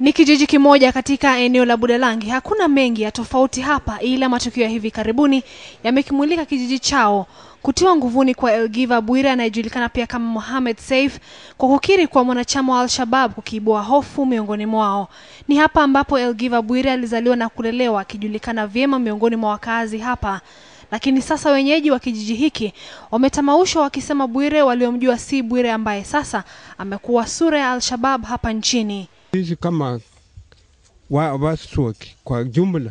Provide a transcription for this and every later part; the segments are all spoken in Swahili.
Ni kijiji kimoja katika eneo la Budalangi. Hakuna mengi ya tofauti hapa, ila matukio ya hivi karibuni yamekimulika kijiji chao. Kutiwa nguvuni kwa Elgiva Bwire anayejulikana pia kama Mohamed Saif kwa kukiri kwa mwanachama wa Al-Shabab kukiibua hofu miongoni mwao. Ni hapa ambapo Elgiva Bwire alizaliwa na kulelewa akijulikana vyema miongoni mwa wakazi hapa lakini sasa wenyeji wa kijiji hiki wametamaushwa wakisema Bwire waliomjua si Bwire ambaye sasa amekuwa sura ya Al-Shabab hapa nchini. Sisi kama waSWOT kwa jumla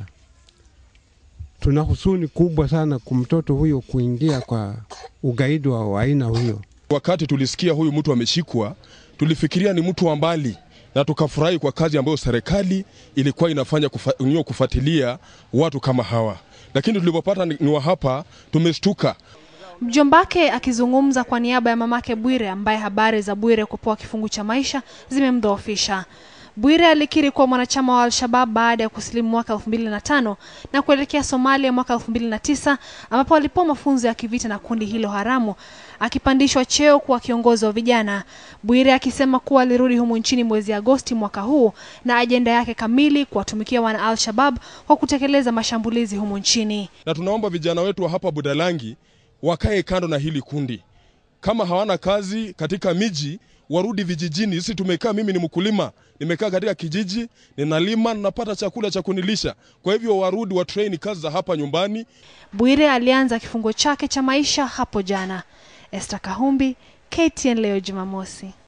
tuna husuni kubwa sana mtoto huyo kuingia kwa ugaidi wa aina huyo. Wakati tulisikia huyu mtu ameshikwa, tulifikiria ni mtu wa mbali na tukafurahi kwa kazi ambayo serikali ilikuwa inafanya kufa, kufuatilia watu kama hawa, lakini tulipopata ni wa hapa tumeshtuka. Mjombake akizungumza kwa niaba ya mamake Bwire ambaye habari za Bwire kupewa kifungu cha maisha zimemdhoofisha. Bwire alikiri kuwa mwanachama wa al baada ya kusilimu mwaka 2005 na kuelekea Somalia mwaka 2009 ambapo alipewa mafunzo ya kivita na kundi hilo haramu akipandishwa cheo kuwa kiongozi wa vijana. Bwire akisema kuwa alirudi humu nchini mwezi Agosti mwaka huu na ajenda yake kamili kuwatumikia wana Al-Shabab kwa kutekeleza mashambulizi humu nchini. Na tunaomba vijana wetu wa hapa Budalangi wakae kando na hili kundi kama hawana kazi katika miji warudi vijijini. Sisi tumekaa, mimi ni mkulima, nimekaa katika kijiji, ninalima, ninapata chakula cha kunilisha. Kwa hivyo warudi watraini kazi za hapa nyumbani. Bwire alianza kifungo chake cha maisha hapo jana. Esther Kahumbi, KTN leo Jumamosi.